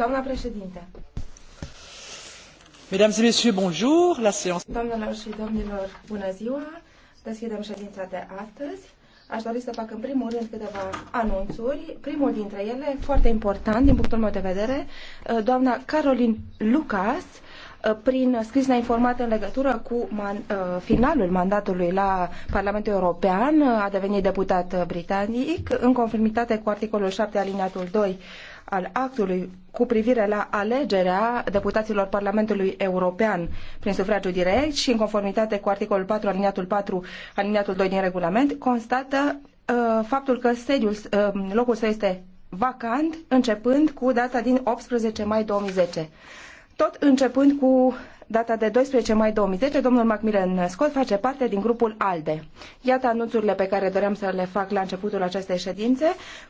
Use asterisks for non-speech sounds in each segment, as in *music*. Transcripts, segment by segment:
Doamna președinte. Mesdames et messieurs, bonjour. La séance... Doamnelor și domnilor, bună ziua. Deschidem ședința de astăzi. Aș dori să fac în primul rând câteva anunțuri. Primul dintre ele, foarte important din punctul meu de vedere, uh, doamna Caroline Lucas, uh, prin scris ne-a informat în legătură cu man, uh, finalul mandatului la Parlamentul European, a devenit deputat britanic, în conformitate cu articolul 7 alineatul 2 al actului cu privire la alegerea deputaților Parlamentului European prin sufragiu direct și în conformitate cu articolul 4, aliniatul 4, aliniatul 2 din regulament, constată uh, faptul că sediul, uh, locul său este vacant începând cu data din 18 mai 2010. Tot începând cu data de 12 mai 2010, domnul Macmillan Scott face parte din grupul ALDE. Iată anunțurile pe care doream să le fac la începutul acestei ședințe.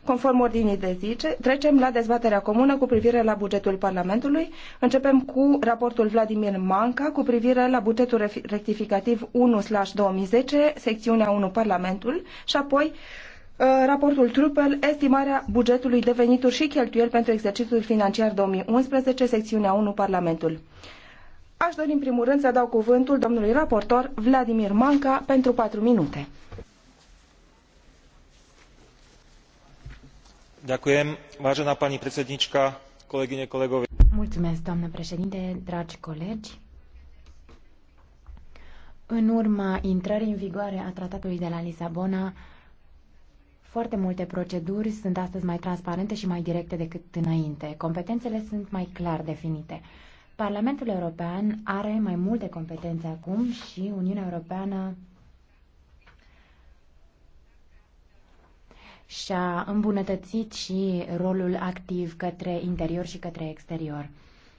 Conform ordinii de zi, trecem la dezbaterea comună cu privire la bugetul Parlamentului. Începem cu raportul Vladimir Manca cu privire la bugetul rectificativ 1-2010, secțiunea 1 Parlamentul și apoi uh, Raportul Trupel, estimarea bugetului de venituri și cheltuieli pentru exercițiul financiar 2011, secțiunea 1, Parlamentul. Aș dori în primul rând să dau cuvântul domnului raportor Vladimir Manca pentru 4 minute. Ďakujem, vážená pani predsednička, kolegyne, kolegovi. Mulțumesc, doamnă președinte, dragi colegi. În urma intrării în vigoare a tratatului de la Lisabona, foarte multe proceduri sunt astăzi mai transparente și mai directe decât înainte. Competențele sunt mai clar definite. Parlamentul European are mai multe competențe acum și Uniunea Europeană și-a îmbunătățit și rolul activ către interior și către exterior.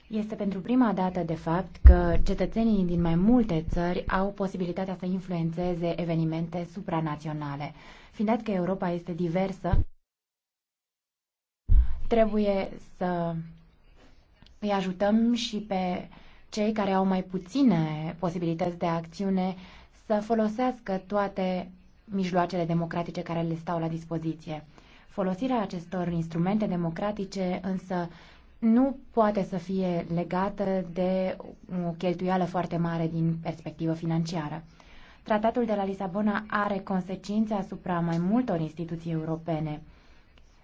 Este pentru prima dată, de fapt, că cetățenii din mai multe țări au posibilitatea să influențeze evenimente supranaționale. Fiind că Europa este diversă, trebuie să îi ajutăm și pe cei care au mai puține posibilități de acțiune să folosească toate mijloacele democratice care le stau la dispoziție. Folosirea acestor instrumente democratice însă nu poate să fie legată de o cheltuială foarte mare din perspectivă financiară. Tratatul de la Lisabona are consecințe asupra mai multor instituții europene.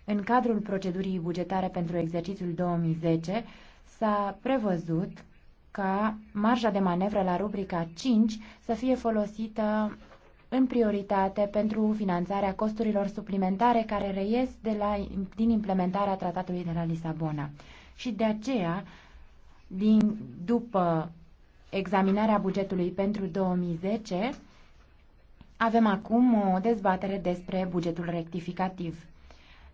În cadrul procedurii bugetare pentru exercițiul 2010, s-a prevăzut ca marja de manevră la rubrica 5 să fie folosită în prioritate pentru finanțarea costurilor suplimentare care reies de la, din implementarea tratatului de la Lisabona. Și de aceea, din, după examinarea bugetului pentru 2010, avem acum o dezbatere despre bugetul rectificativ.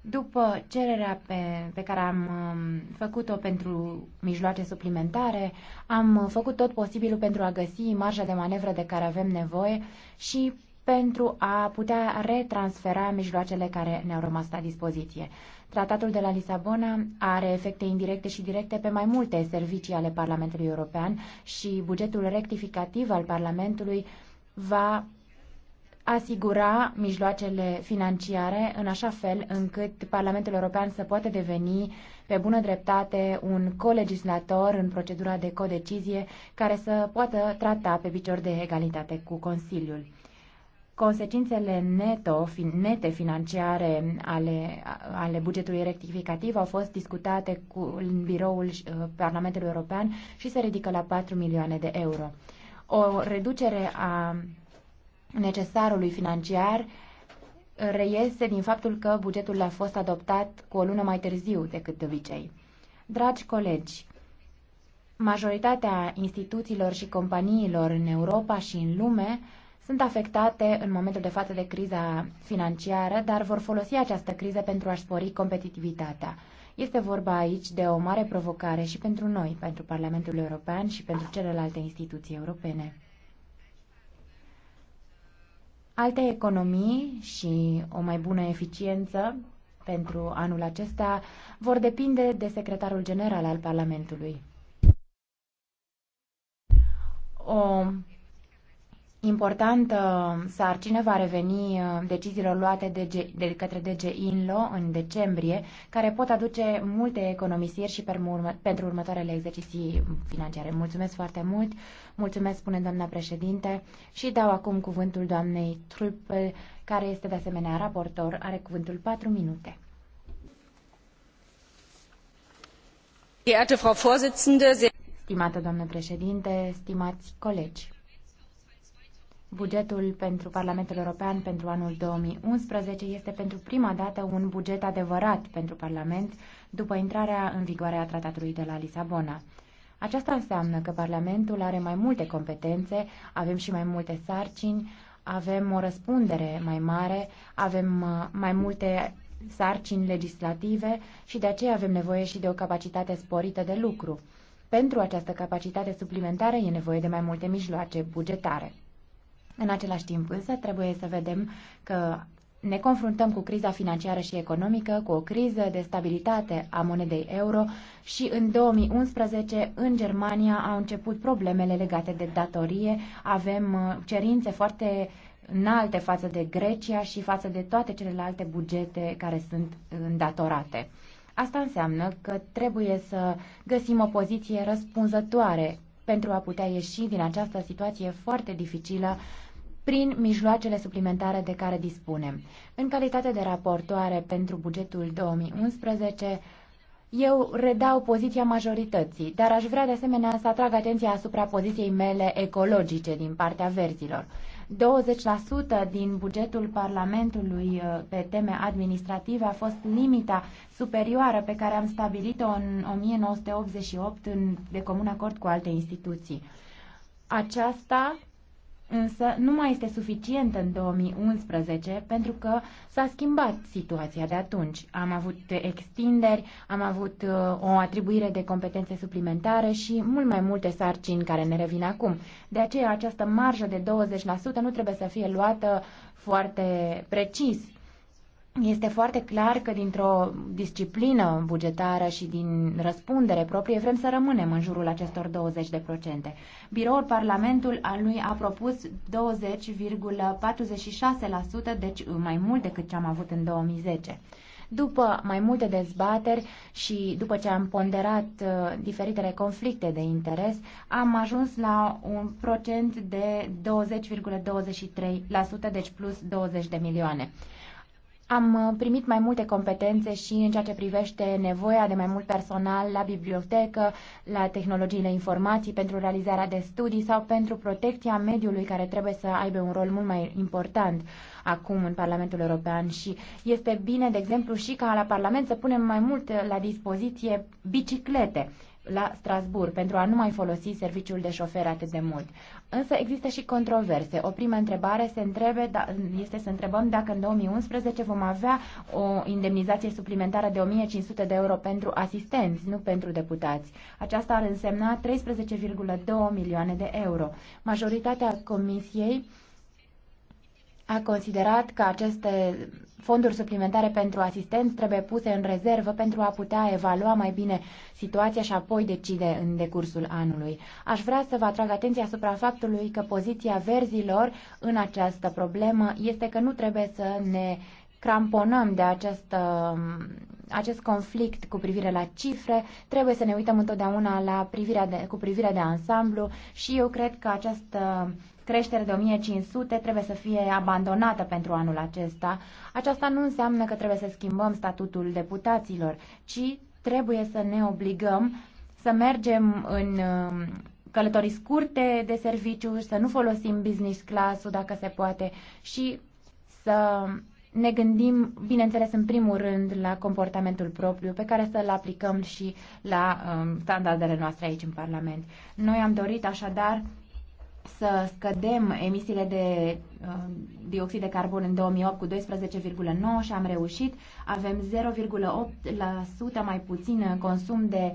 După cererea pe, pe care am um, făcut-o pentru mijloace suplimentare, am făcut tot posibilul pentru a găsi marja de manevră de care avem nevoie și pentru a putea retransfera mijloacele care ne-au rămas la dispoziție. Tratatul de la Lisabona are efecte indirecte și directe pe mai multe servicii ale Parlamentului European și bugetul rectificativ al Parlamentului va asigura mijloacele financiare în așa fel încât Parlamentul European să poată deveni pe bună dreptate un colegislator în procedura de codecizie care să poată trata pe picior de egalitate cu Consiliul. Consecințele neto, nete financiare ale, ale bugetului rectificativ au fost discutate cu, în biroul uh, Parlamentului European și se ridică la 4 milioane de euro. O reducere a necesarului financiar reiese din faptul că bugetul a fost adoptat cu o lună mai târziu decât de obicei. Dragi colegi, majoritatea instituțiilor și companiilor în Europa și în lume sunt afectate în momentul de față de criza financiară, dar vor folosi această criză pentru a-și spori competitivitatea. Este vorba aici de o mare provocare și pentru noi, pentru Parlamentul European și pentru celelalte instituții europene. Alte economii și o mai bună eficiență pentru anul acesta vor depinde de secretarul general al Parlamentului. O importantă sarcină va reveni uh, deciziilor luate de, de către DG INLO în decembrie, care pot aduce multe economisiri și pentru următoarele exerciții financiare. Mulțumesc foarte mult, mulțumesc, spune doamna președinte, și dau acum cuvântul doamnei Truppel, care este de asemenea raportor, are cuvântul 4 minute. Stimată doamnă președinte, stimați colegi, Bugetul pentru Parlamentul European pentru anul 2011 este pentru prima dată un buget adevărat pentru Parlament după intrarea în vigoare a Tratatului de la Lisabona. Aceasta înseamnă că Parlamentul are mai multe competențe, avem și mai multe sarcini, avem o răspundere mai mare, avem uh, mai multe sarcini legislative și de aceea avem nevoie și de o capacitate sporită de lucru. Pentru această capacitate suplimentară e nevoie de mai multe mijloace bugetare. În același timp însă trebuie să vedem că ne confruntăm cu criza financiară și economică, cu o criză de stabilitate a monedei euro și în 2011 în Germania au început problemele legate de datorie. Avem uh, cerințe foarte înalte față de Grecia și față de toate celelalte bugete care sunt îndatorate. Asta înseamnă că trebuie să găsim o poziție răspunzătoare pentru a putea ieși din această situație foarte dificilă prin mijloacele suplimentare de care dispunem. În calitate de raportoare pentru bugetul 2011, eu redau poziția majorității, dar aș vrea de asemenea să atrag atenția asupra poziției mele ecologice din partea verzilor. 20% din bugetul Parlamentului uh, pe teme administrative a fost limita superioară pe care am stabilit-o în 1988 în, de comun acord cu alte instituții. Aceasta însă nu mai este suficient în 2011 pentru că s-a schimbat situația de atunci. Am avut extinderi, am avut uh, o atribuire de competențe suplimentare și mult mai multe sarcini care ne revin acum. De aceea această marjă de 20% nu trebuie să fie luată foarte precis este foarte clar că dintr-o disciplină bugetară și din răspundere proprie vrem să rămânem în jurul acestor 20%. Biroul Parlamentul al lui a propus 20,46%, deci mai mult decât ce am avut în 2010. După mai multe dezbateri și după ce am ponderat uh, diferitele conflicte de interes, am ajuns la un procent de 20,23%, deci plus 20 de milioane. Am uh, primit mai multe competențe și în ceea ce privește nevoia de mai mult personal la bibliotecă, la tehnologiile informații pentru realizarea de studii sau pentru protecția mediului care trebuie să aibă un rol mult mai important acum în Parlamentul European și este bine, de exemplu, și ca la Parlament să punem mai mult la dispoziție biciclete la Strasbourg pentru a nu mai folosi serviciul de șofer atât de mult. Însă există și controverse. O primă întrebare se întrebe, da, este să întrebăm dacă în 2011 vom avea o indemnizație suplimentară de 1500 de euro pentru asistenți, nu pentru deputați. Aceasta ar însemna 13,2 milioane de euro. Majoritatea comisiei a considerat că aceste fonduri suplimentare pentru asistenți trebuie puse în rezervă pentru a putea evalua mai bine situația și apoi decide în decursul anului. Aș vrea să vă atrag atenția asupra faptului că poziția verzilor în această problemă este că nu trebuie să ne cramponăm de acest, acest conflict cu privire la cifre, trebuie să ne uităm întotdeauna la privirea de, cu privirea de ansamblu și eu cred că această creștere de 1500 trebuie să fie abandonată pentru anul acesta. Aceasta nu înseamnă că trebuie să schimbăm statutul deputaților, ci trebuie să ne obligăm să mergem în um, călătorii scurte de serviciu, să nu folosim business class-ul dacă se poate și să ne gândim, bineînțeles, în primul rând la comportamentul propriu pe care să-l aplicăm și la um, standardele noastre aici în Parlament. Noi am dorit așadar să scădem emisiile de uh, dioxid de carbon în 2008 cu 12,9 și am reușit. Avem 0,8% mai puțin consum de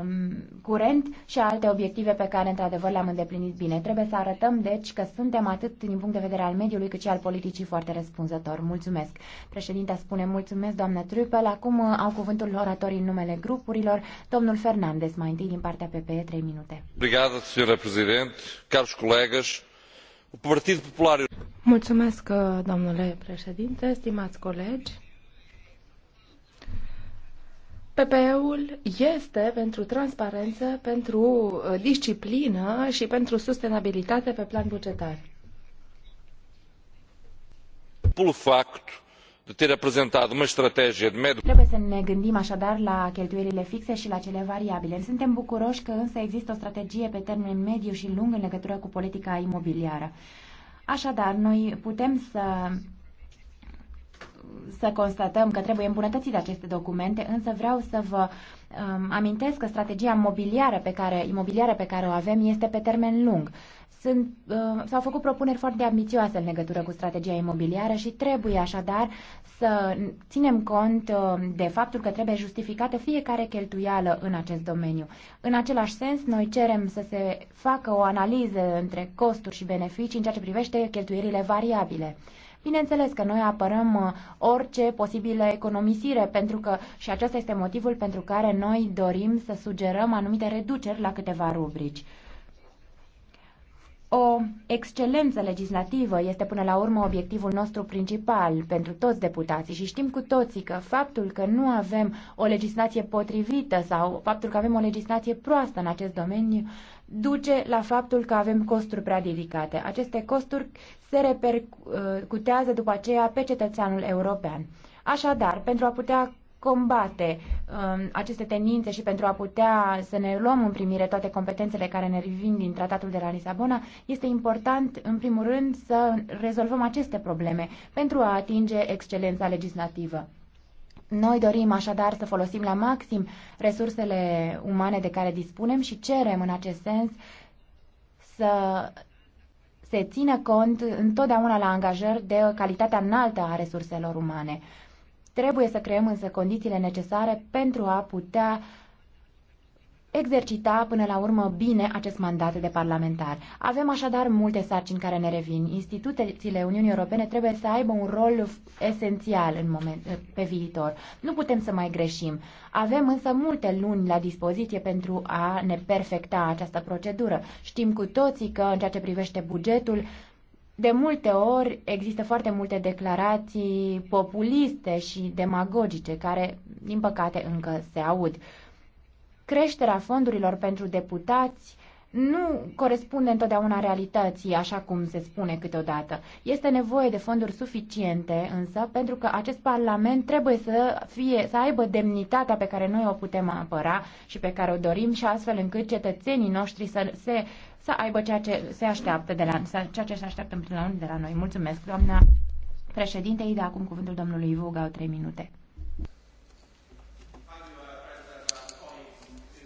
Um, curent și alte obiective pe care, într-adevăr, le-am îndeplinit bine. Trebuie să arătăm, deci, că suntem atât din punct de vedere al mediului, cât și al politicii foarte răspunzător. Mulțumesc. Președinta spune mulțumesc, doamnă Trupel. Acum uh, au cuvântul oratorii în numele grupurilor. Domnul Fernandez, mai întâi din partea PPE, 3 minute. Obrigada, senhora Presidente, caros colegas. Partidul Popular... Mulțumesc, uh, domnule președinte, stimați colegi. PPE-ul este pentru transparență, pentru uh, disciplină și pentru sustenabilitate pe plan bugetar. Pul facto de ter prezentat o strategie de mediu. Trebuie să ne gândim așadar la cheltuielile fixe și la cele variabile. Suntem bucuroși că însă există o strategie pe termen mediu și lung în legătură cu politica imobiliară. Așadar, noi putem să să constatăm că trebuie îmbunătățite aceste documente, însă vreau să vă um, amintesc că strategia imobiliară pe care, imobiliară pe care o avem este pe termen lung. Sunt, uh, s-au făcut propuneri foarte ambițioase în legătură cu strategia imobiliară și trebuie așadar să ținem cont uh, de faptul că trebuie justificată fiecare cheltuială în acest domeniu. În același sens, noi cerem să se facă o analiză între costuri și beneficii în ceea ce privește cheltuielile variabile. Bineînțeles că noi apărăm uh, orice posibilă economisire, pentru că și acesta este motivul pentru care noi dorim să sugerăm anumite reduceri la câteva rubrici. O excelență legislativă este până la urmă obiectivul nostru principal pentru toți deputații și știm cu toții că faptul că nu avem o legislație potrivită sau faptul că avem o legislație proastă în acest domeniu duce la faptul că avem costuri prea ridicate. Aceste costuri se repercutează după aceea pe cetățeanul european. Așadar, pentru a putea combate um, aceste tendințe și pentru a putea să ne luăm în primire toate competențele care ne revin din tratatul de la Lisabona, este important, în primul rând, să rezolvăm aceste probleme pentru a atinge excelența legislativă. Noi dorim așadar să folosim la maxim resursele umane de care dispunem și cerem în acest sens să se țină cont întotdeauna la angajări de calitatea înaltă a resurselor umane. Trebuie să creăm însă condițiile necesare pentru a putea exercita până la urmă bine acest mandat de parlamentar. Avem așadar multe sarcini care ne revin. Instituțiile Uniunii Europene trebuie să aibă un rol esențial în moment, pe viitor. Nu putem să mai greșim. Avem însă multe luni la dispoziție pentru a ne perfecta această procedură. Știm cu toții că în ceea ce privește bugetul, de multe ori există foarte multe declarații populiste și demagogice care, din păcate, încă se aud. Creșterea fondurilor pentru deputați nu corespunde întotdeauna realității, așa cum se spune câteodată. Este nevoie de fonduri suficiente, însă, pentru că acest Parlament trebuie să, fie, să aibă demnitatea pe care noi o putem apăra și pe care o dorim și astfel încât cetățenii noștri să, se, să aibă ceea ce se așteaptă de la, ceea ce se așteaptă de la noi. Mulțumesc, doamna președinte. Îi dă acum cuvântul domnului Ivo, au trei minute.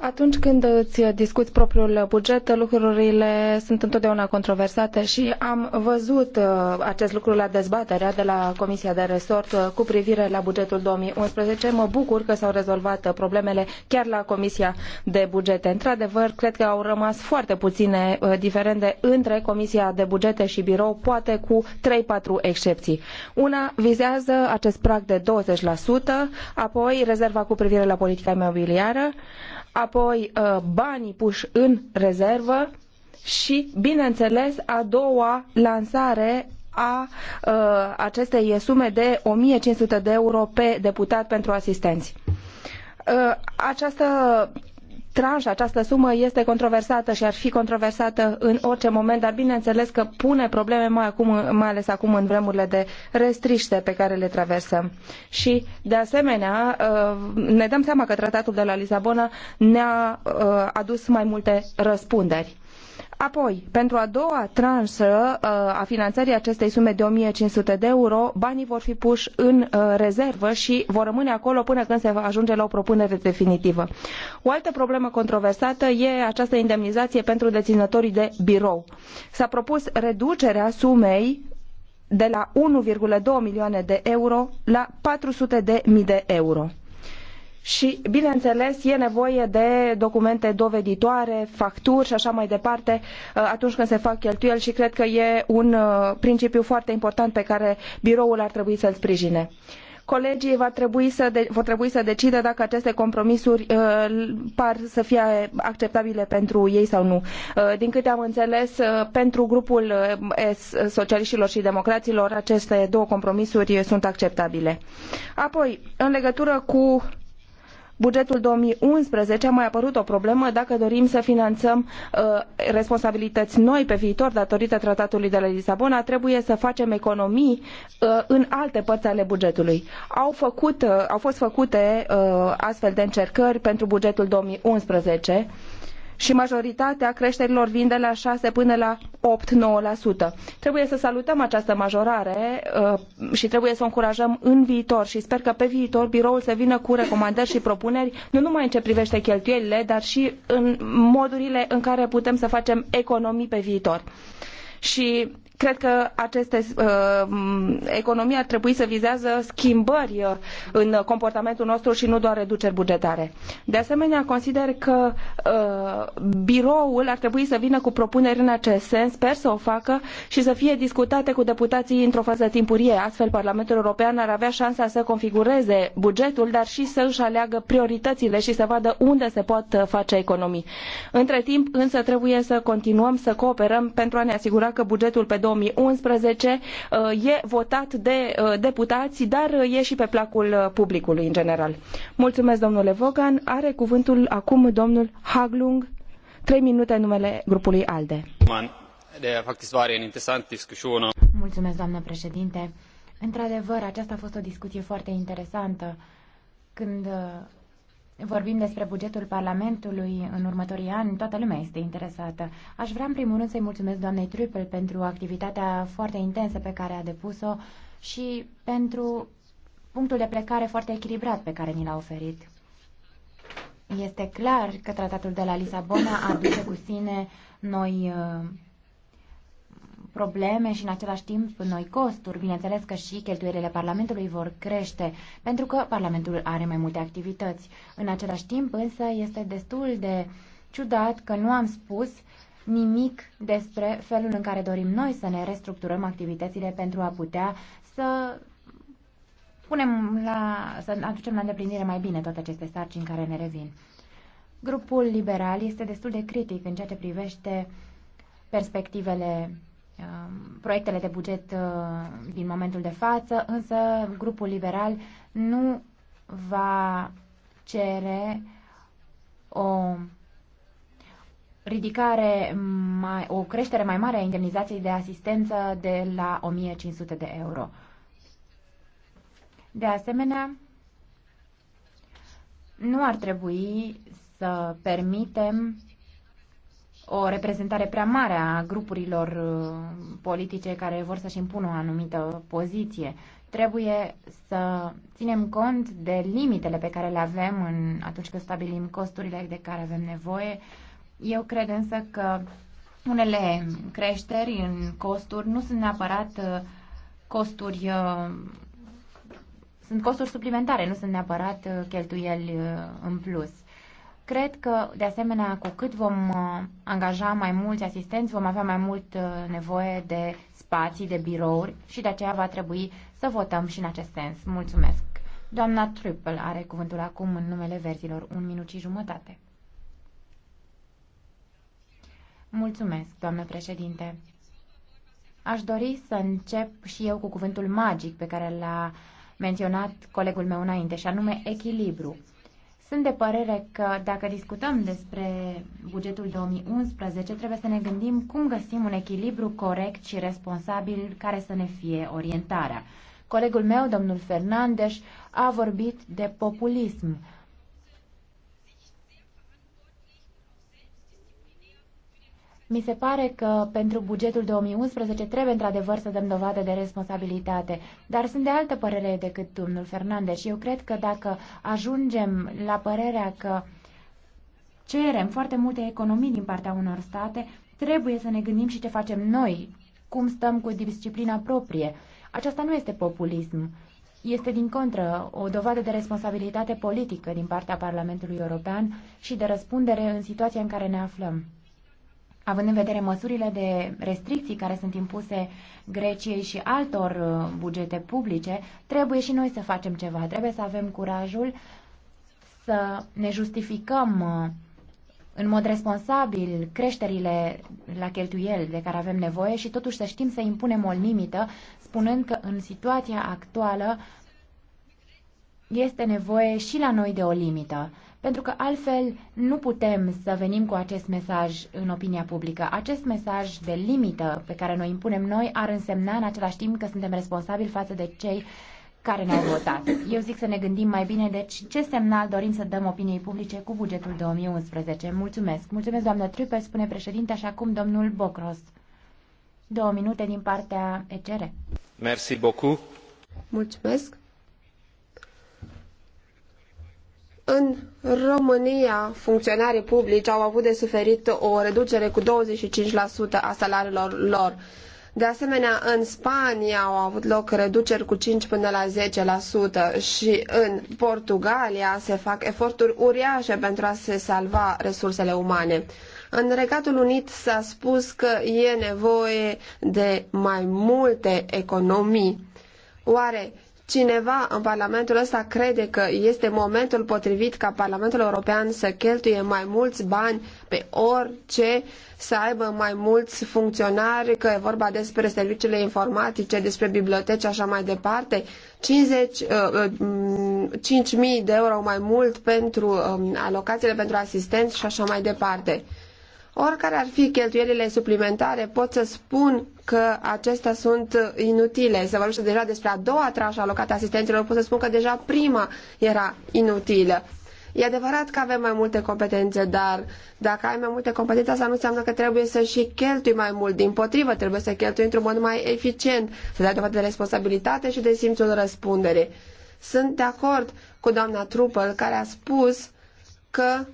Atunci când îți discuți propriul buget, lucrurile sunt întotdeauna controversate și am văzut uh, acest lucru la dezbaterea de la Comisia de Resort uh, cu privire la bugetul 2011. Mă bucur că s-au rezolvat uh, problemele chiar la Comisia de Bugete. Într-adevăr, cred că au rămas foarte puține diferende între Comisia de Bugete și Birou, poate cu trei patru excepții. Una vizează acest prag de 20%, apoi rezerva cu privire la politica imobiliară, apoi uh, banii puși în rezervă și, bineînțeles, a doua lansare a uh, acestei sume de 1500 de euro pe deputat pentru asistenți uh, această tranșa, această sumă este controversată și ar fi controversată în orice moment, dar bineînțeles că pune probleme mai, acum, mai ales acum în vremurile de restriște pe care le traversăm. Și, de asemenea, uh, ne dăm seama că tratatul de la Lisabona ne-a uh, adus mai multe răspunderi Apoi, pentru a doua tranșă uh, a finanțării acestei sume de 1500 de euro, banii vor fi puși în uh, rezervă și vor rămâne acolo până când se va ajunge la o propunere definitivă. O altă problemă controversată e această indemnizație pentru deținătorii de birou. S-a propus reducerea sumei de la 1,2 milioane de euro la 400 de mii de euro și, bineînțeles, e nevoie de documente doveditoare, facturi și așa mai departe uh, atunci când se fac cheltuieli și cred că e un uh, principiu foarte important pe care biroul ar trebui să-l sprijine colegii va trebui să de, vor trebui să decidă dacă aceste compromisuri uh, par să fie acceptabile pentru ei sau nu. Uh, din câte am înțeles, uh, pentru grupul uh, socialiștilor și democraților, aceste două compromisuri sunt acceptabile. Apoi, în legătură cu bugetul 2011 a mai apărut o problemă dacă dorim să finanțăm uh, responsabilități noi pe viitor datorită tratatului de la Lisabona, trebuie să facem economii uh, în alte părți ale bugetului. Au, făcut, uh, au fost făcute uh, astfel de încercări pentru bugetul 2011 și majoritatea creșterilor vin de la 6 până la 8-9%. Trebuie să salutăm această majorare uh, și trebuie să o încurajăm în viitor și sper că pe viitor biroul să vină cu recomandări și propuneri, nu numai în ce privește cheltuielile, dar și în modurile în care putem să facem economii pe viitor și cred că aceste uh, economii ar trebui să vizează schimbări uh, în comportamentul nostru și nu doar reduceri bugetare. De asemenea, consider că uh, biroul ar trebui să vină cu propuneri în acest sens, sper să o facă și să fie discutate cu deputații într-o fază timpurie. Astfel, Parlamentul European ar avea șansa să configureze bugetul, dar și să își aleagă prioritățile și să vadă unde se pot uh, face economii. Între timp, însă, trebuie să continuăm să cooperăm pentru a ne asigura asigura că bugetul pe 2011 uh, e votat de uh, deputați, dar uh, e și pe placul publicului în general. Mulțumesc, domnule Vogan. Are cuvântul acum domnul Haglung, Trei minute în numele grupului ALDE. Mulțumesc, doamnă președinte. Într-adevăr, aceasta a fost o discuție foarte interesantă. Când vorbim despre bugetul Parlamentului în următorii ani, toată lumea este interesată. Aș vrea în primul rând să-i mulțumesc doamnei Trupel pentru activitatea foarte intensă pe care a depus-o și pentru punctul de plecare foarte echilibrat pe care ni l-a oferit. Este clar că tratatul de la Lisabona aduce cu sine noi uh, probleme și în același timp noi costuri. Bineînțeles că și cheltuielile Parlamentului vor crește, pentru că Parlamentul are mai multe activități. În același timp însă este destul de ciudat că nu am spus nimic despre felul în care dorim noi să ne restructurăm activitățile pentru a putea să punem la, să aducem la îndeplinire mai bine toate aceste sarcini care ne revin. Grupul liberal este destul de critic în ceea ce privește perspectivele Um, proiectele de buget uh, din momentul de față, însă grupul liberal nu va cere o ridicare, mai, o creștere mai mare a indemnizației de asistență de la 1500 de euro. De asemenea, nu ar trebui să permitem o reprezentare prea mare a grupurilor uh, politice care vor să-și impună o anumită poziție. Trebuie să ținem cont de limitele pe care le avem în, atunci când stabilim costurile de care avem nevoie. Eu cred însă că unele creșteri în costuri nu sunt neapărat uh, costuri uh, sunt costuri suplimentare, nu sunt neapărat cheltuieli în plus. Cred că, de asemenea, cu cât vom uh, angaja mai mulți asistenți, vom avea mai mult uh, nevoie de spații, de birouri și de aceea va trebui să votăm și în acest sens. Mulțumesc! Doamna Triple are cuvântul acum în numele verzilor. Un minut și jumătate. Mulțumesc, doamnă președinte. Aș dori să încep și eu cu cuvântul magic pe care l-a menționat colegul meu înainte, și anume echilibru. Sunt de părere că dacă discutăm despre bugetul 2011, trebuie să ne gândim cum găsim un echilibru corect și responsabil care să ne fie orientarea. Colegul meu, domnul Fernandes, a vorbit de populism Mi se pare că pentru bugetul 2011 trebuie într-adevăr să dăm dovadă de responsabilitate, dar sunt de altă părere decât domnul Fernandez și eu cred că dacă ajungem la părerea că cerem foarte multe economii din partea unor state, trebuie să ne gândim și ce facem noi, cum stăm cu disciplina proprie. Aceasta nu este populism. Este din contră o dovadă de responsabilitate politică din partea Parlamentului European și de răspundere în situația în care ne aflăm având în vedere măsurile de restricții care sunt impuse Greciei și altor uh, bugete publice, trebuie și noi să facem ceva. Trebuie să avem curajul să ne justificăm uh, în mod responsabil creșterile la cheltuieli de care avem nevoie și totuși să știm să impunem o limită, spunând că în situația actuală este nevoie și la noi de o limită pentru că altfel nu putem să venim cu acest mesaj în opinia publică. Acest mesaj de limită pe care noi impunem noi ar însemna în același timp că suntem responsabili față de cei care ne-au votat. Eu zic să ne gândim mai bine, deci ce semnal dorim să dăm opiniei publice cu bugetul 2011. Mulțumesc. Mulțumesc, doamnă trupe. spune președinte, așa cum domnul Bocros. Două minute din partea ECR. Merci beaucoup. Mulțumesc. În România, funcționarii publici au avut de suferit o reducere cu 25% a salariilor lor. De asemenea, în Spania au avut loc reduceri cu 5 până la 10% și în Portugalia se fac eforturi uriașe pentru a se salva resursele umane. În Regatul Unit s-a spus că e nevoie de mai multe economii. Oare cineva în Parlamentul ăsta crede că este momentul potrivit ca Parlamentul European să cheltuie mai mulți bani pe orice, să aibă mai mulți funcționari, că e vorba despre serviciile informatice, despre biblioteci, așa mai departe, 50, uh, 5.000 uh, de euro mai mult pentru uh, alocațiile pentru asistenți și așa mai departe. Oricare ar fi cheltuielile suplimentare, pot să spun că acestea sunt inutile. Se vorbește deja despre a doua tranșă alocată asistenților, pot să spun că deja prima era inutilă. E adevărat că avem mai multe competențe, dar dacă ai mai multe competențe, asta nu înseamnă că trebuie să și cheltui mai mult. Din potrivă, trebuie să cheltui într-un mod mai eficient, să dai dovadă de responsabilitate și de simțul răspundere. Sunt de acord cu doamna Trupel, care a spus că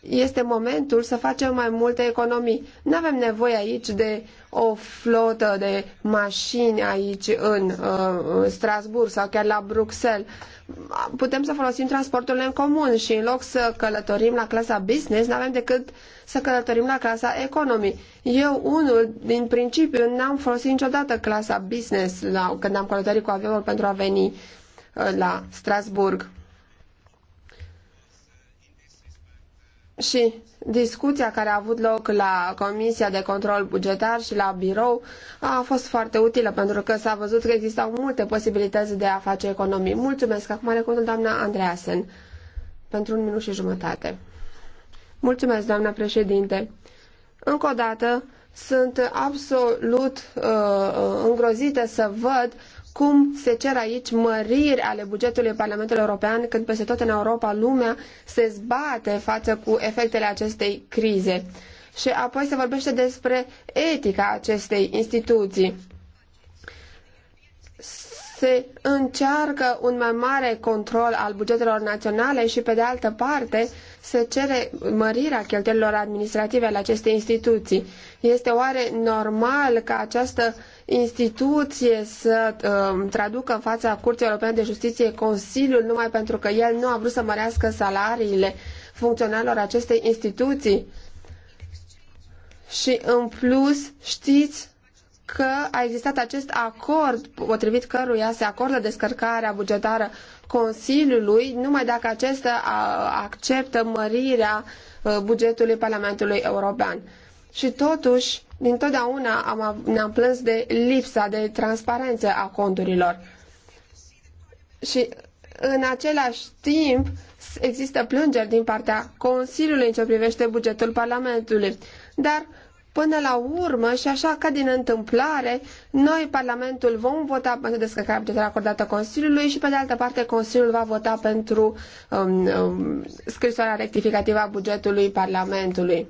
este momentul să facem mai multe economii. Nu avem nevoie aici de o flotă de mașini aici în uh, Strasbourg sau chiar la Bruxelles. Putem să folosim transportul în comun și în loc să călătorim la clasa business, nu avem decât să călătorim la clasa economii. Eu, unul, din principiu, n-am folosit niciodată clasa business la, când am călătorit cu avionul pentru a veni uh, la Strasbourg. și discuția care a avut loc la Comisia de Control Bugetar și la birou a fost foarte utilă pentru că s-a văzut că existau multe posibilități de a face economii. Mulțumesc. Acum are cuvântul doamna Andreasen pentru un minut și jumătate. Mulțumesc, doamna președinte. Încă o dată, sunt absolut uh, îngrozită să văd uh, cum se cer aici măriri ale bugetului Parlamentului European când peste tot în Europa lumea se zbate față cu efectele acestei crize. Și apoi se vorbește despre etica acestei instituții. Se încearcă un mai mare control al bugetelor naționale și, pe de altă parte, se cere mărirea cheltuielilor administrative ale acestei instituții. Este oare normal ca această uh, instituție să um, traducă în fața Curții Europene de Justiție Consiliul numai pentru că el nu a vrut să mărească salariile funcționarilor acestei instituții. Și în plus știți că a existat acest acord potrivit căruia se acordă descărcarea bugetară Consiliului numai dacă acesta acceptă mărirea uh, bugetului Parlamentului European. Și totuși, dintotdeauna am, ne-am plâns de lipsa de transparență a conturilor. Și în același timp există plângeri din partea Consiliului în ce privește bugetul Parlamentului. Dar Până la urmă, și așa ca din întâmplare, noi, Parlamentul, vom vota pentru descărcarea bugetară acordată Consiliului și, pe de altă parte, Consiliul va vota pentru um, um, scrisoarea rectificativă a bugetului Parlamentului.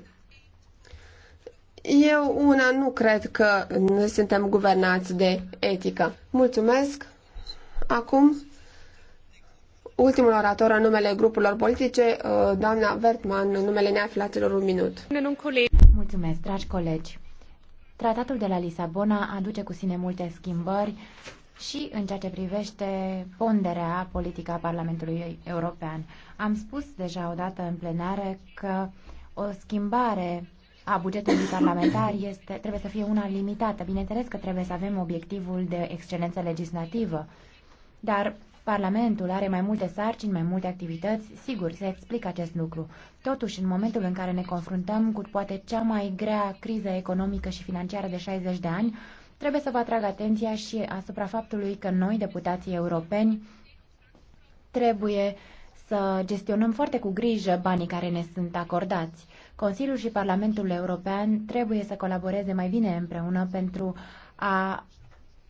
Eu una nu cred că noi suntem guvernați de etică. Mulțumesc. Acum, ultimul orator în numele grupurilor politice, uh, doamna Vertman, în numele neafilatelor un minut. Mulțumesc, dragi colegi. Tratatul de la Lisabona aduce cu sine multe schimbări și în ceea ce privește ponderea politică a Parlamentului European. Am spus deja odată în plenare că o schimbare a bugetului parlamentar este, trebuie să fie una limitată. Bineînțeles că trebuie să avem obiectivul de excelență legislativă, dar Parlamentul are mai multe sarcini, mai multe activități, sigur, se explică acest lucru. Totuși, în momentul în care ne confruntăm cu poate cea mai grea criză economică și financiară de 60 de ani, trebuie să vă atrag atenția și asupra faptului că noi, deputații europeni, trebuie să gestionăm foarte cu grijă banii care ne sunt acordați. Consiliul și Parlamentul European trebuie să colaboreze mai bine împreună pentru a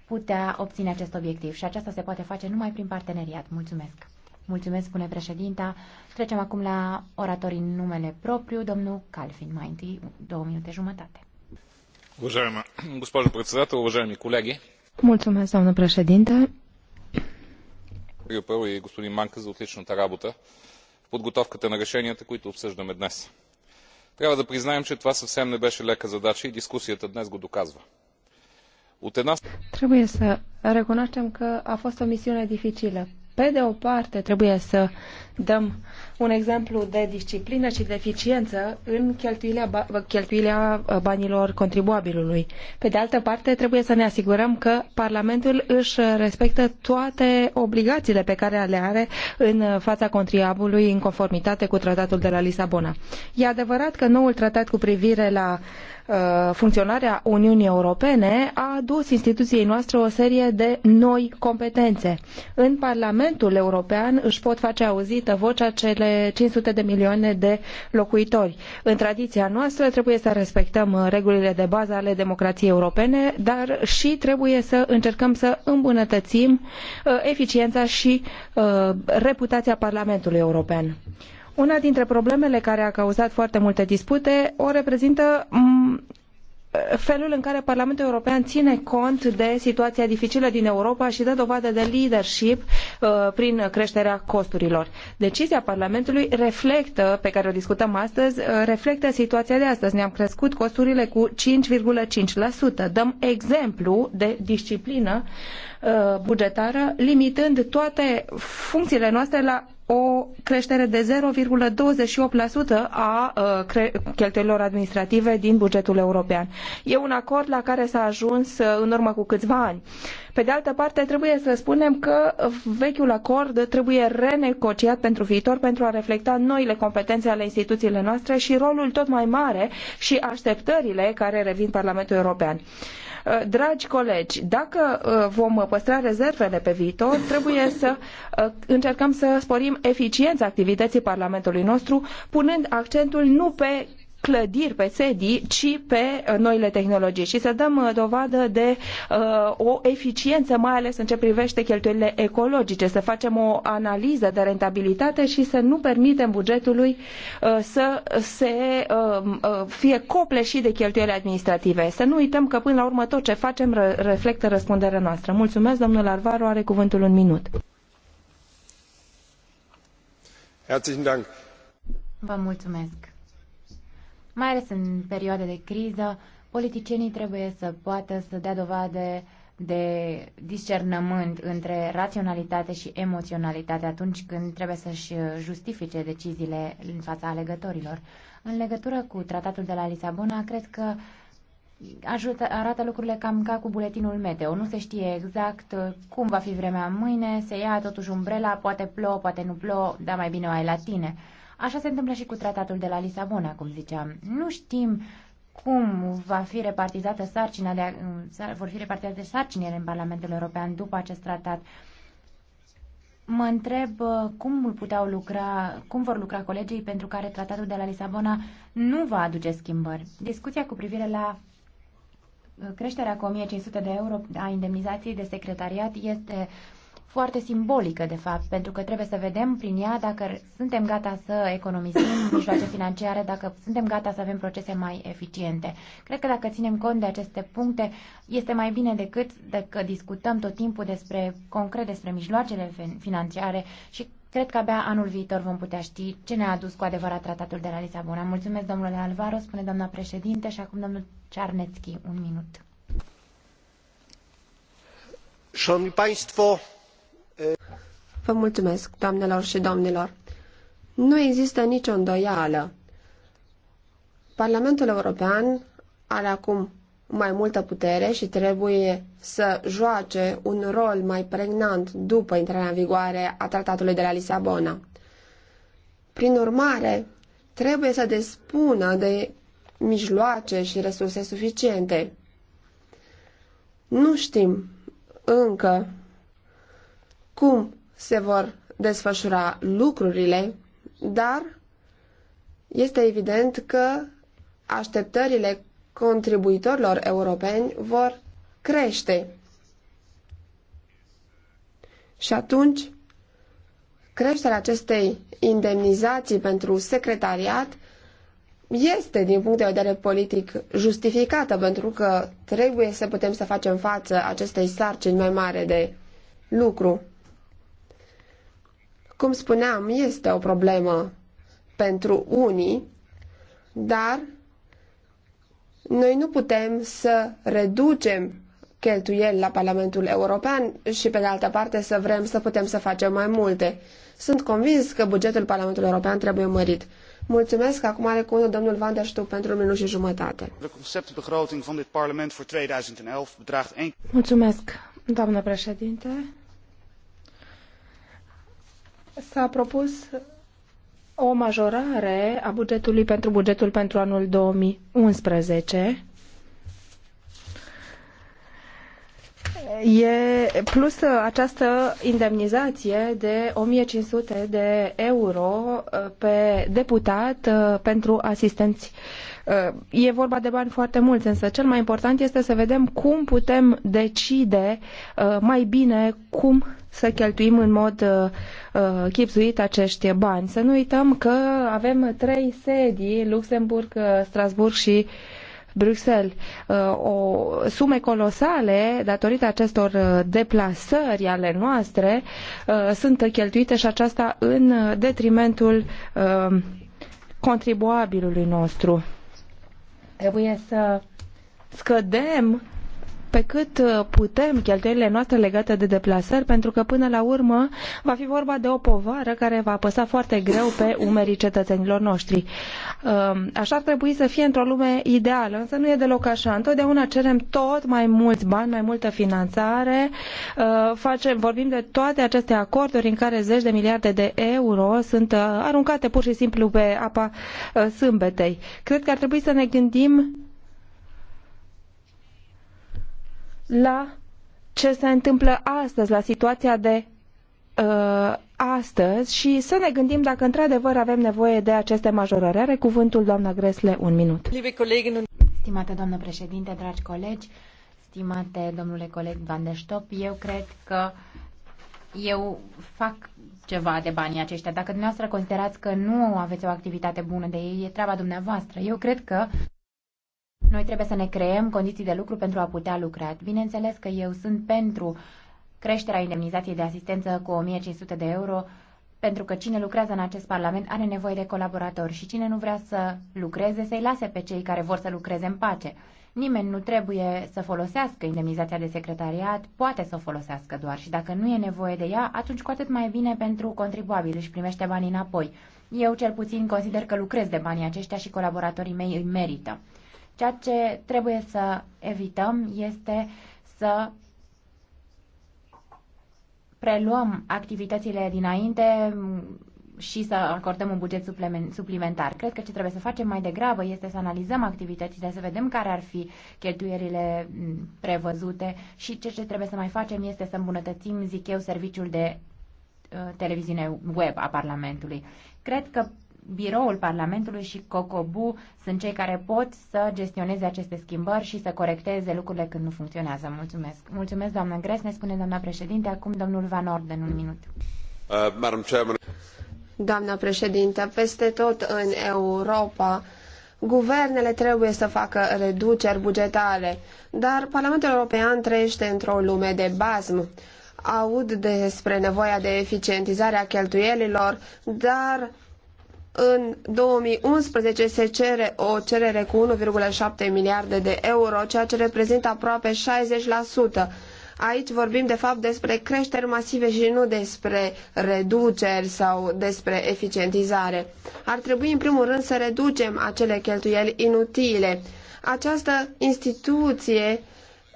putea obține acest obiectiv și aceasta se poate face numai prin parteneriat. Mulțumesc! Mulțumesc, spune președinta. Trecem acum la oratorii în numele propriu, domnul Calfin, mai întâi două minute jumătate. Уважаема госпожо председател, уважаеми колеги. Mulțumesc, doamnă președinte. Първо и господин Манка за отличната работа в подготовката на решенията, които обсъждаме днес трябва да признаем че това съвсем не беше лека задача и дискусията днес го доказва. Trebuie să recunoaștem că a fost o misiune dificilă. Pe de o parte, trebuie să dăm un exemplu de disciplină și de eficiență în cheltuirea, cheltuirea uh, banilor contribuabilului. Pe de altă parte, trebuie să ne asigurăm că Parlamentul își respectă toate obligațiile pe care le are în fața contribuabilului în conformitate cu tratatul de la Lisabona. E adevărat că noul tratat cu privire la Uh, funcționarea Uniunii Europene a adus instituției noastre o serie de noi competențe. În Parlamentul European își pot face auzită vocea cele 500 de milioane de locuitori. În tradiția noastră trebuie să respectăm uh, regulile de bază ale democrației europene, dar și trebuie să încercăm să îmbunătățim uh, eficiența și reputația Parlamentului European. Una dintre problemele care a cauzat foarte multe dispute o reprezintă felul în care Parlamentul European ține cont de situația dificilă din Europa și dă dovadă de leadership uh, prin creșterea costurilor. Decizia Parlamentului reflectă, pe care o discutăm astăzi, uh, reflectă situația de astăzi. Ne-am crescut costurile cu 5,5%. Dăm exemplu de disciplină uh, bugetară, limitând toate funcțiile noastre la o creștere de 0,28% a uh, cheltuielilor administrative din bugetul european. E un acord la care s-a ajuns uh, în urmă cu câțiva ani. Pe de altă parte, trebuie să spunem că vechiul acord trebuie renegociat pentru viitor pentru a reflecta noile competențe ale instituțiilor noastre și rolul tot mai mare și așteptările care revin Parlamentului European. Eh, dragi colegi, dacă eh, vom păstra rezervele pe viitor, trebuie să eh, încercăm să sporim eficiența activității Parlamentului nostru, punând accentul nu pe clădiri, pe sedii, ci pe uh, noile tehnologii și să dăm uh, dovadă de uh, o eficiență, mai ales în ce privește cheltuielile ecologice, să facem o analiză de rentabilitate și să nu permitem bugetului uh, să se uh, uh fie și de cheltuielile administrative. Să nu uităm că până la urmă tot ce facem reflectă răspunderea noastră. Mulțumesc, domnul Arvaru, are cuvântul un minut. Vă mulțumesc mai ales în perioade de criză, politicienii trebuie să poată să dea dovadă de discernământ între raționalitate și emoționalitate atunci când trebuie să-și justifice deciziile în fața alegătorilor. În legătură cu tratatul de la Lisabona, cred că ajută, arată lucrurile cam ca cu buletinul meteo. Nu se știe exact cum va fi vremea mâine, se ia totuși umbrela, poate plouă, poate nu plouă, dar mai bine o ai la tine. Așa se întâmplă și cu tratatul de la Lisabona, cum ziceam. Nu știm cum va fi repartizată sarcina de, vor fi repartizate sarcinile în Parlamentul European după acest tratat. Mă întreb uh, cum puteau lucra, cum vor lucra colegii pentru care tratatul de la Lisabona nu va aduce schimbări. Discuția cu privire la uh, creșterea cu 1500 de euro a indemnizației de secretariat este foarte simbolică, de fapt, pentru că trebuie să vedem prin ea dacă suntem gata să economisim *coughs* mijloace financiare, dacă suntem gata să avem procese mai eficiente. Cred că dacă ținem cont de aceste puncte, este mai bine decât dacă discutăm tot timpul despre concret despre mijloacele financiare și Cred că abia anul viitor vom putea ști ce ne-a adus cu adevărat tratatul de la Lisabona. Mulțumesc, domnule Alvaro, spune doamna președinte și acum domnul Cearnețchi, un minut. Szanowni Państwo, Vă mulțumesc, doamnelor și domnilor. Nu există nicio îndoială. Parlamentul European are acum mai multă putere și trebuie să joace un rol mai pregnant după intrarea în vigoare a tratatului de la Lisabona. Prin urmare, trebuie să despună de mijloace și resurse suficiente. Nu știm încă cum se vor desfășura lucrurile, dar este evident că așteptările contribuitorilor europeni vor crește. Și atunci, creșterea acestei indemnizații pentru secretariat este, din punct de vedere politic, justificată, pentru că trebuie să putem să facem față acestei sarcini mai mare de lucru. Cum spuneam, este o problemă pentru unii, dar noi nu putem să reducem cheltuieli la Parlamentul European și, pe de altă parte, să vrem să putem să facem mai multe. Sunt convins că bugetul Parlamentului European trebuie mărit. Mulțumesc. Acum are cuvântul domnul Van der Stoep pentru un minut și jumătate. Mulțumesc, doamnă președinte. S-a propus o majorare a bugetului pentru bugetul pentru anul 2011 E plus această indemnizație de 1500 de euro uh, pe deputat uh, pentru asistenți. Uh, e vorba de bani foarte mulți, însă cel mai important este să vedem cum putem decide mai bine cum să cheltuim în mod uh, uh, chipzuit acești bani. Să nu uităm că avem trei sedii, Luxemburg, uh, Strasburg și Bruxelles. Uh, o sume colosale datorită acestor deplasări ale noastre sunt cheltuite și aceasta în detrimentul contribuabilului nostru. Trebuie să scădem pe cât uh, putem cheltuielile noastre legate de deplasări, pentru că până la urmă va fi vorba de o povară care va apăsa foarte greu pe umerii cetățenilor noștri. Um, așa ar trebui să fie într-o lume ideală, însă nu e deloc așa. Întotdeauna cerem tot mai mulți bani, mai multă finanțare, uh, facem, vorbim de toate aceste acorduri în care zeci de miliarde de euro sunt uh, aruncate pur și simplu pe apa sâmbetei. Cred că ar trebui să ne gândim la ce se întâmplă astăzi, la situația de uh, astăzi și să ne gândim dacă într-adevăr avem nevoie de aceste majorări. Are cuvântul doamna Gresle un minut. Stimată doamnă președinte, dragi colegi, stimate domnule coleg Van de Stop, eu cred că eu fac ceva de banii aceștia. Dacă dumneavoastră considerați că nu aveți o activitate bună de ei, e treaba dumneavoastră. Eu cred că noi trebuie să ne creăm condiții de lucru pentru a putea lucra. Bineînțeles că eu sunt pentru creșterea indemnizației de asistență cu 1500 de euro, pentru că cine lucrează în acest Parlament are nevoie de colaboratori și cine nu vrea să lucreze, să-i lase pe cei care vor să lucreze în pace. Nimeni nu trebuie să folosească indemnizația de secretariat, poate să o folosească doar și dacă nu e nevoie de ea, atunci cu atât mai bine pentru contribuabil își primește banii înapoi. Eu cel puțin consider că lucrez de banii aceștia și colaboratorii mei îi merită. Ceea ce trebuie să evităm este să preluăm activitățile dinainte și să acordăm un buget suplimentar. Cred că ce trebuie să facem mai degrabă este să analizăm activitățile, să vedem care ar fi cheltuierile prevăzute și ce, ce trebuie să mai facem este să îmbunătățim, zic eu, serviciul de uh, televiziune web a Parlamentului. Cred că biroul Parlamentului și COCOBU sunt cei care pot să gestioneze aceste schimbări și să corecteze lucrurile când nu funcționează. Mulțumesc. Mulțumesc, doamnă Ne spune doamna președinte. Acum domnul Van Orden, un minut. Uh, Doamna președinte, peste tot în Europa, Guvernele trebuie să facă reduceri bugetare, dar Parlamentul European trăiește într-o lume de bazm. Aud despre nevoia de eficientizare a cheltuielilor, dar în 2011 se cere o cerere cu 1,7 miliarde de euro, ceea ce reprezintă aproape 60%. Aici vorbim de fapt despre creșteri masive și nu despre reduceri sau despre eficientizare. Ar trebui în primul rând să reducem acele cheltuieli inutile. Această instituție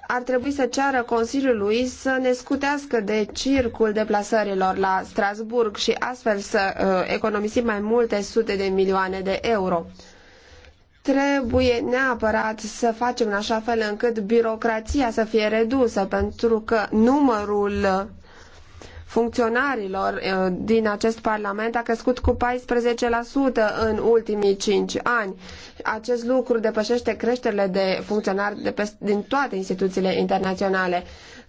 ar trebui să ceară Consiliului să ne scutească de circul deplasărilor la Strasbourg și astfel să uh, economisim mai multe sute de milioane de euro. Trebuie neapărat să facem în așa fel încât birocrația să fie redusă, pentru că numărul funcționarilor uh, din acest Parlament a crescut cu 14% în ultimii cinci ani. Acest lucru depășește creșterile de funcționari de pe, din toate instituțiile internaționale.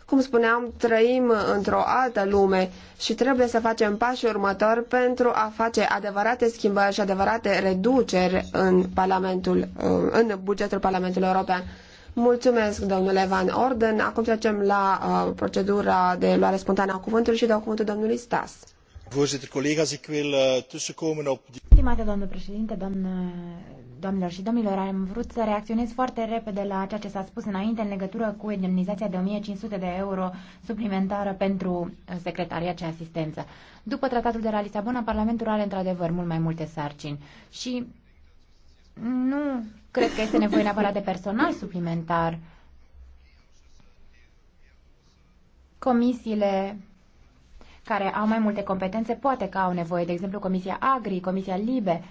Cum spuneam, trăim într-o altă lume și trebuie să facem pașii următori pentru a face adevărate schimbări și adevărate reduceri în, parlamentul, uh, în bugetul Parlamentului European. Mulțumesc, domnule Van Orden. Acum trecem la uh, procedura de luare spontană a cuvântului și dau cuvântul domnului Stas. Voorzitter, collega's, ik wil uh, tussenkomen op... Stimate domnule președinte, doamnă, doamnelor și domnilor, am vrut să reacționez foarte repede la ceea ce s-a spus înainte în legătură cu indemnizația de 1500 de euro suplimentară pentru uh, secretariat și asistență. După tratatul de la Lisabona, Parlamentul are într-adevăr mult mai multe sarcini și nu cred că este nevoie neapărat de personal suplimentar. Comisiile care au mai multe competențe poate că au nevoie, de exemplu, Comisia Agri, Comisia Libe,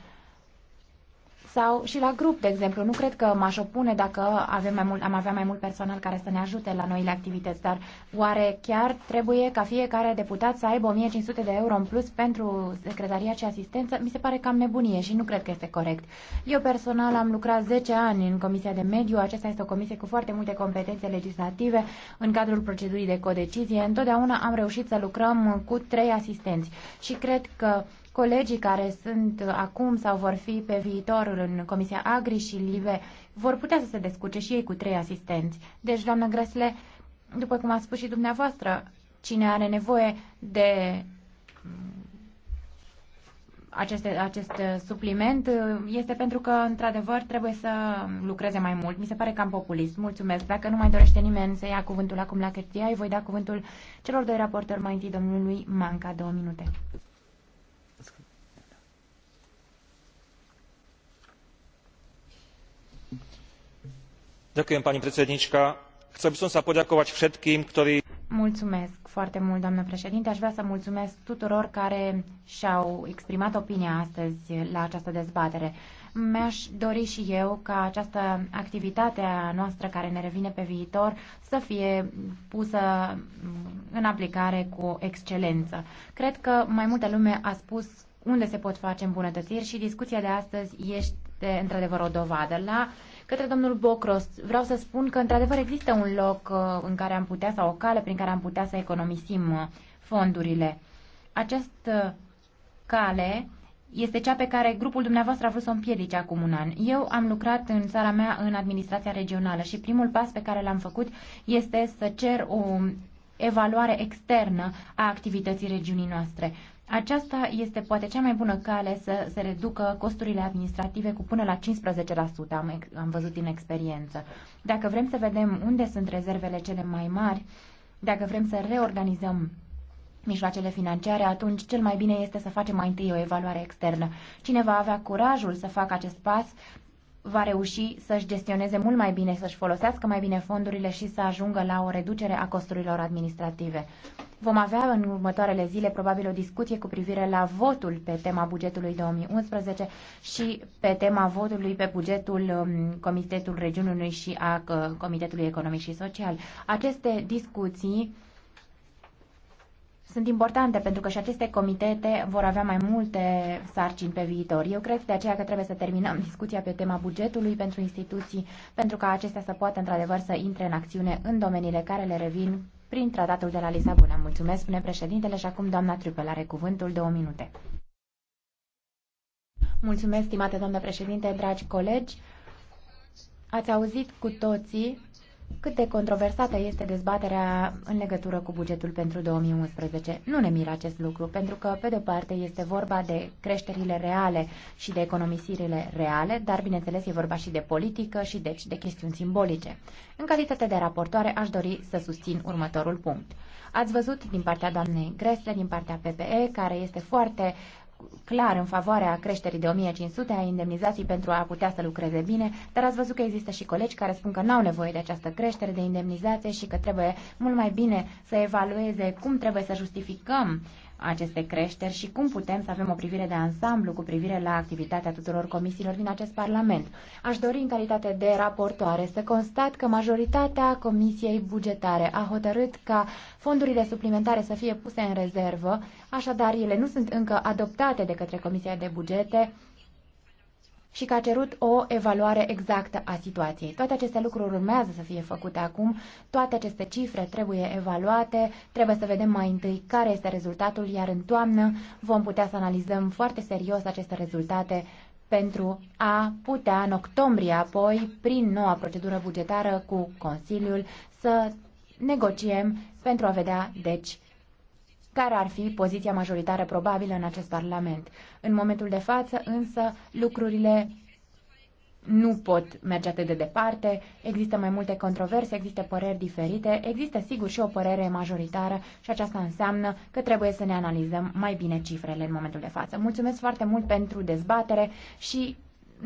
sau și la grup, de exemplu. Nu cred că m-aș opune dacă avem mai mult, am avea mai mult personal care să ne ajute la noile activități, dar oare chiar trebuie ca fiecare deputat să aibă 1500 de euro în plus pentru secretaria și asistență? Mi se pare cam nebunie și nu cred că este corect. Eu personal am lucrat 10 ani în Comisia de Mediu. Aceasta este o comisie cu foarte multe competențe legislative în cadrul procedurii de codecizie. Întotdeauna am reușit să lucrăm cu trei asistenți și cred că Colegii care sunt acum sau vor fi pe viitor în Comisia Agri și Live vor putea să se descurce și ei cu trei asistenți. Deci, doamnă Grăsle, după cum a spus și dumneavoastră, cine are nevoie de aceste, acest supliment este pentru că, într-adevăr, trebuie să lucreze mai mult. Mi se pare cam populist. Mulțumesc. Dacă nu mai dorește nimeni să ia cuvântul acum la cărția, îi voi da cuvântul celor doi raportori, mai întâi domnului Manca, două minute. chcel by som sa poďakovať všetkým ktorí. Mulțumesc foarte mult, doamnă președinte. Aș vrea să mulțumesc tuturor care și-au exprimat opinia astăzi la această dezbatere. Mi-aș dori și eu ca această activitate a noastră care ne revine pe viitor să fie pusă în aplicare cu excelență. Cred că mai multă lume a spus unde se pot face îmbunătățiri și discuția de astăzi este într-adevăr o dovadă. La Către domnul Bocros, vreau să spun că într-adevăr există un loc uh, în care am putea sau o cale prin care am putea să economisim uh, fondurile. Această uh, cale este cea pe care grupul dumneavoastră a vrut să o împiedice acum un an. Eu am lucrat în țara mea în administrația regională și primul pas pe care l-am făcut este să cer o evaluare externă a activității regiunii noastre. Aceasta este poate cea mai bună cale să se reducă costurile administrative cu până la 15%, am, am văzut din experiență. Dacă vrem să vedem unde sunt rezervele cele mai mari, dacă vrem să reorganizăm mijloacele financiare, atunci cel mai bine este să facem mai întâi o evaluare externă. Cine va avea curajul să facă acest pas va reuși să-și gestioneze mult mai bine, să-și folosească mai bine fondurile și să ajungă la o reducere a costurilor administrative. Vom avea în următoarele zile probabil o discuție cu privire la votul pe tema bugetului 2011 și pe tema votului pe bugetul um, Comitetul Regiunului și a uh, Comitetului Economic și Social. Aceste discuții sunt importante pentru că și aceste comitete vor avea mai multe sarcini pe viitor. Eu cred de aceea că trebuie să terminăm discuția pe tema bugetului pentru instituții, pentru ca acestea să poată într-adevăr să intre în acțiune în domeniile care le revin prin tratatul de la Lisabona. Mulțumesc, spune președintele, și acum doamna Trupel are cuvântul două minute. Mulțumesc, stimate domnule președinte, dragi colegi. Ați auzit cu toții cât de controversată este dezbaterea în legătură cu bugetul pentru 2011. Nu ne miră acest lucru, pentru că, pe de-o parte, este vorba de creșterile reale și de economisirile reale, dar, bineînțeles, e vorba și de politică și, deci, de chestiuni simbolice. În calitate de raportoare, aș dori să susțin următorul punct. Ați văzut din partea doamnei Gresle, din partea PPE, care este foarte clar în favoarea creșterii de 1500 a indemnizații pentru a putea să lucreze bine, dar ați văzut că există și colegi care spun că n-au nevoie de această creștere de indemnizație și că trebuie mult mai bine să evalueze cum trebuie să justificăm aceste creșteri și cum putem să avem o privire de ansamblu cu privire la activitatea tuturor comisiilor din acest Parlament. Aș dori în calitate de raportoare să constat că majoritatea Comisiei Bugetare a hotărât ca fondurile suplimentare să fie puse în rezervă, așadar ele nu sunt încă adoptate de către Comisia de Bugete, și că a cerut o evaluare exactă a situației. Toate aceste lucruri urmează să fie făcute acum, toate aceste cifre trebuie evaluate, trebuie să vedem mai întâi care este rezultatul, iar în toamnă vom putea să analizăm foarte serios aceste rezultate pentru a putea în octombrie apoi, prin noua procedură bugetară cu Consiliul, să negociem pentru a vedea, deci, care ar fi poziția majoritară probabilă în acest Parlament. În momentul de față, însă, lucrurile nu pot merge atât de departe, există mai multe controverse, există păreri diferite, există sigur și o părere majoritară și aceasta înseamnă că trebuie să ne analizăm mai bine cifrele în momentul de față. Mulțumesc foarte mult pentru dezbatere și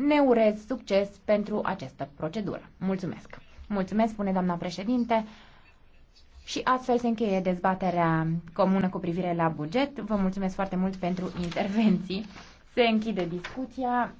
ne urez succes pentru această procedură. Mulțumesc! Mulțumesc, spune doamna președinte. Și astfel se încheie dezbaterea comună cu privire la buget. Vă mulțumesc foarte mult pentru intervenții. Se închide discuția.